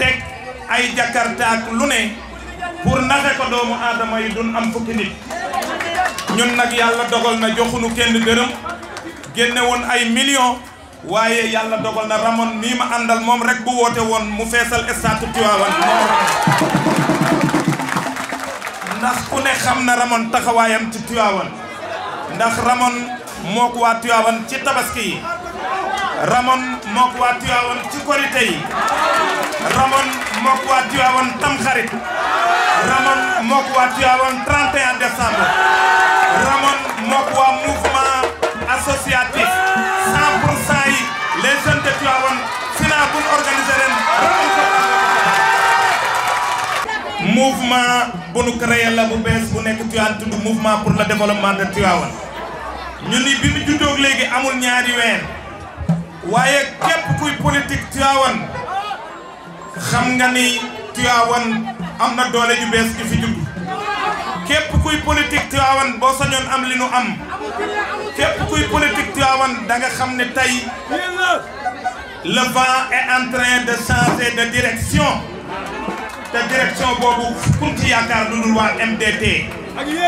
teg ay jakartaak lu ne pour naxe ko doomu aadama yi duñ am fukki nit ñun nag yàlla dogal na joxunu kenn dërëm génne woon ay millions waaye yàlla dogal na Ramone mii ma àndal moom rek bu woote woon mu feesal stade Tivaouane ndax ku ne xam na Ramone taxawaayam ci Tivaouane ndax Ramone moo waa Tivaouane ci tabaski yi mook waa Tiwaawan ci korite yi ramon mook waa Tiwaawan tamxarit ramon mook waa Tiwaawan 31 décembre ramon mook waa mouvement associatif 100 pour cent yi les jeunes de Tiwaawan final bu ñu organisé ren mouvement bu nu créé la bu bees bu nekk Tiwaawan tudd mouvement pour le développement de Tiwaawan ñu ni bi mu juddoo amul ñaari weer waaye képp kuy politique Tivaouane xam nga ni Tivaouane am na doole ju bees ju fi judd képp kuy politique Tivaouane boo sañoon am li nu am képp kuy politique Tivaouane da xam ne tey le vent est de changer de direction te direction boobu pour ci yaakaar lu dul waa MDT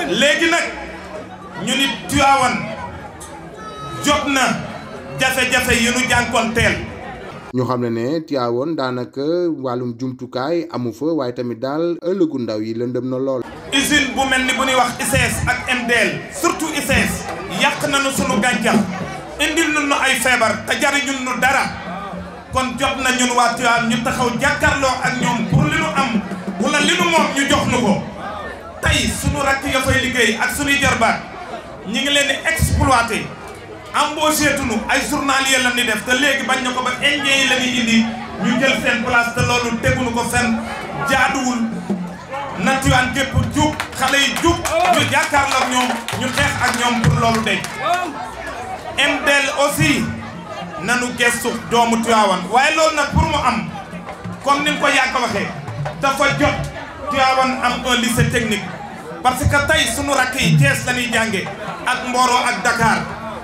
léegi nag ñu ni Tivaouane jot na jafe-jafe yi nu jànkonteel ñu xam ne ne Tivaouane daanaka wàllum jumtukaay amu fa waaye tamit daal ëllëgu ndaw yi lëndëm na lool. usine bu mel ni bu ñuy wax ICS ak MDL surtout ICS yàq nañu sunu gàncax indil nañu ay feebar te jariñul nu dara kon jot na ñun waa Tivaouane ñu taxaw jàkkaarloo ak ñoom pour li nu am wala li nu moom ñu jox nu ko tey sunu rakk ya fay liggéey ak sunuy jarbaat ñi ngi leen di embauché tunu ay journalier lan di def te léegi bañ na ko ba indien yi la ñuy indi ñu jël seen place te loolu tegunu ko fenn jaaduwul na Tiwaan gépp jub xale yi jub ñu jàkkaarloog ñoom ñu xeex ak pour loolu MDL aussi nanu gestu doomu Tiwaawan waaye loolu nag pour mu am comme ni nga ko yàgg waxee dafa jot am un lycée technique parce que tey sunu rakk yi Thiès la ñuy jànge ak Mboro ak Dakar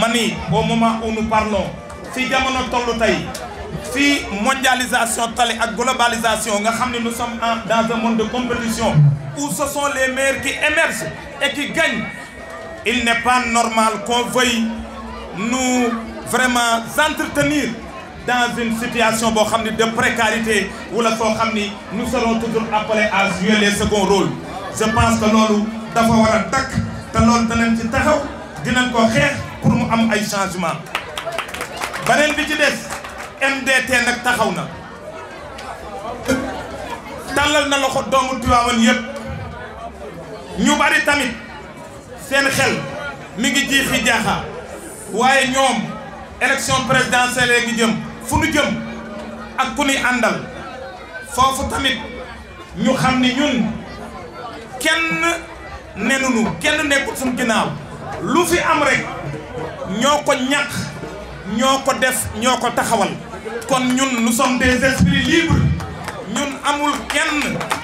Mani, au moment où nous parlons si nous avons tey mondialisation tali ak globalisation nous sommes dans un monde de compétition où ce sont les meilleurs qui émergent et qui gagnent il n'est pas normal qu'on veuille nous vraiment entretenir dans une situation de précarité où nous serons toujours appelés à jouer les seconds rôles je pense que loolu dafa war a te loolu danañ ci taxaw avoir ko tac. pour mu am ay changement beneen bi ci des MDT nag taxaw na tàllal na loxo doomu Tiwaawan yëpp ñu bari tamit seen xel mi ngi jiixi jaaxa waaye ñoom élection présidentielle gi jëm fu nu jëm ak ku ni àndal foofu tamit ñu xam ni ñun kenn nenunu kenn nekkul suñu ginnaaw lu fi am rek ñoo ko ñàkk ñoo ko def ñoo ko taxawal kon ñun nous sommes des esprits libres ñun amul kenn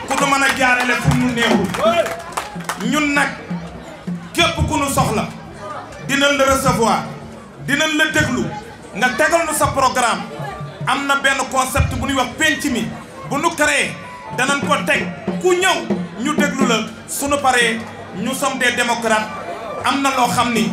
ku nu mën a jaarale fu nu néew ñun nag képp ku nu soxla dinañ la recevoir dinañ la déglu nga tegal nu sa programme am na benn concept bu ñuy wax penc mi bu nu créé dana ko teg ku ñëw ñu déglu la suñu paree ñu sommes des démocrates am na loo xam ni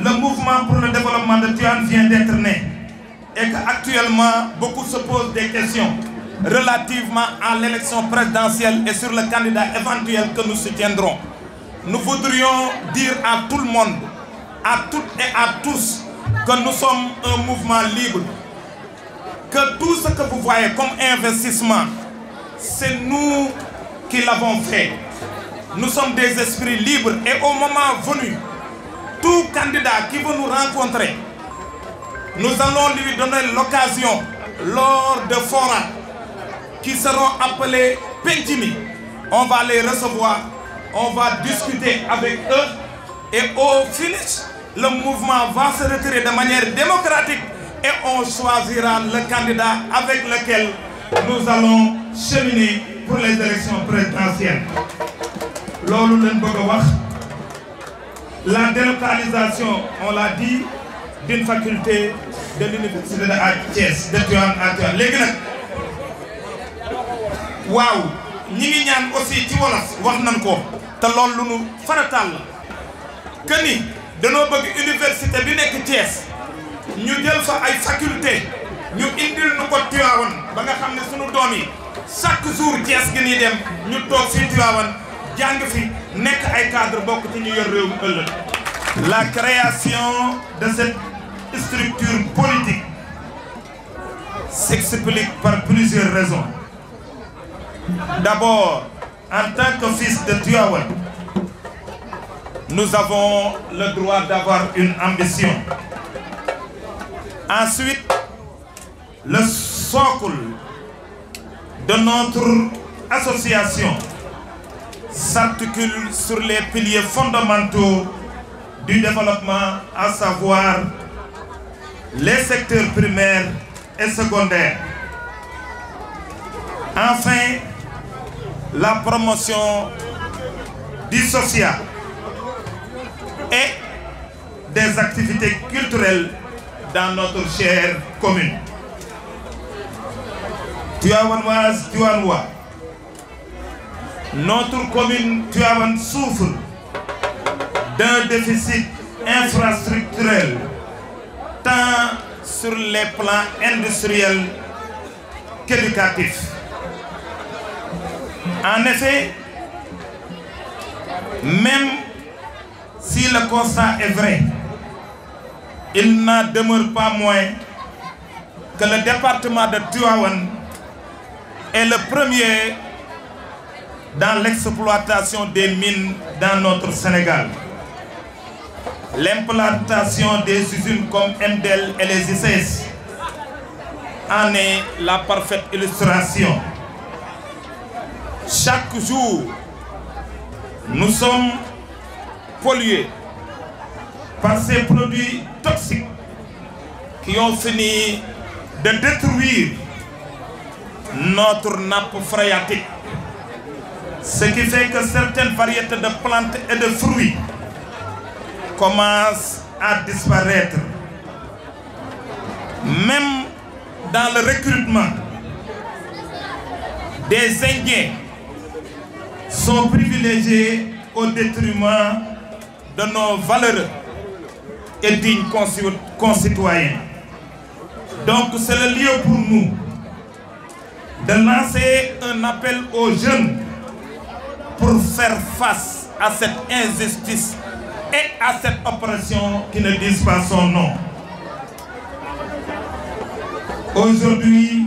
le mouvement pour le développement de Tian vient d'être né et qu'actuellement, beaucoup se posent des questions relativement à l'élection présidentielle et sur le candidat éventuel que nous soutiendrons. Nous voudrions dire à tout le monde, à toutes et à tous, que nous sommes un mouvement libre, que tout ce que vous voyez comme investissement, c'est nous qui l'avons fait. Nous sommes des esprits libres et au moment venu, tout candidat qui veut nous rencontrer, nous allons lui donner l'occasion lors de forums qui seront appelés Pentimi. On va les recevoir, on va discuter avec eux et au finish, le mouvement va se retirer de manière démocratique et on choisira le candidat avec lequel nous allons cheminer pour les élections présidentielles. La délocalisation, on l'a dit, d'une faculté de l'université de Thiès de Thuan à Thuan. Les aussi ci wolof wax dit, ko ni université Nous nekk Thiès ñu faculté ñu sommes nous ko ba nga sunu chaque jour nous sommes dem ñu nous fii la création de cette structure politique s'explique par plusieurs raisons d'abord en tant que fils de Tivaouane nous avons le droit d'avoir une ambition ensuite le socle de notre association s'articule sur les piliers fondamentaux du développement, à savoir les secteurs primaires et secondaires. Enfin, la promotion du social et des activités culturelles dans notre chère commune. Tu as Tuanois, notre commune Tuavan souffre d'un déficit infrastructurel, tant sur les plans industriels qu'éducatifs. En effet, même si le constat est vrai, il n'en demeure pas moins que le département de Tuawan est le premier dans l'exploitation des mines dans notre Sénégal. L'implantation des usines comme MDL et les ICS en est la parfaite illustration. Chaque jour, nous sommes pollués par ces produits toxiques qui ont fini de détruire notre nappe phréatique ce qui fait que certaines variétés de plantes et de fruits commencent à disparaître. Même dans le recrutement, des Indiens sont privilégiés au détriment de nos valeureux et dignes concitoyens. Donc c'est le lieu pour nous de lancer un appel aux jeunes pour faire face à cette injustice et à cette oppression qui ne disent pas son nom. Aujourd'hui,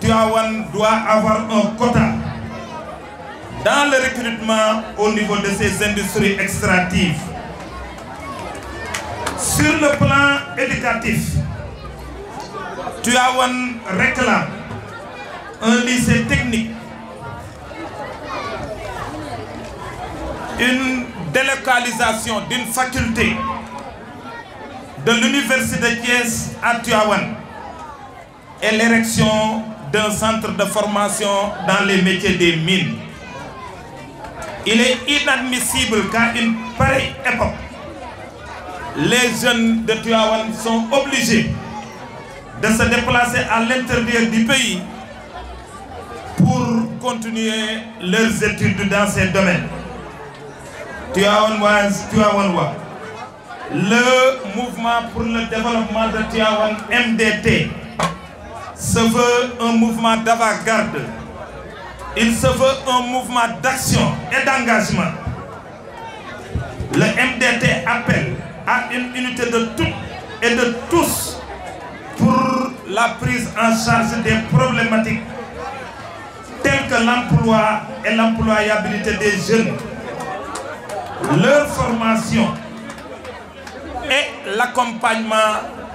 Tuawan doit avoir un quota dans le recrutement au niveau de ses industries extractives. Sur le plan éducatif, Tuawan réclame un lycée technique une délocalisation d'une faculté de l'université de Thiès à Tuawan et l'érection d'un centre de formation dans les métiers des mines. Il est inadmissible qu'à une pareille époque, les jeunes de Tuawan sont obligés de se déplacer à l'intérieur du pays pour continuer leurs études dans ces domaines le mouvement pour le développement de Tiawan MDT se veut un mouvement d'avant-garde il se veut un mouvement d'action et d'engagement le MDT appelle à une unité de toutes et de tous pour la prise en charge des problématiques telles que l'emploi et l'employabilité des jeunes leur formation et l'accompagnement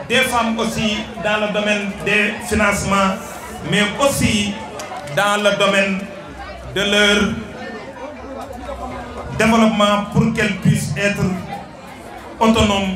des femmes aussi dans le domaine des financements, mais aussi dans le domaine de leur développement pour qu'elles puissent être autonomes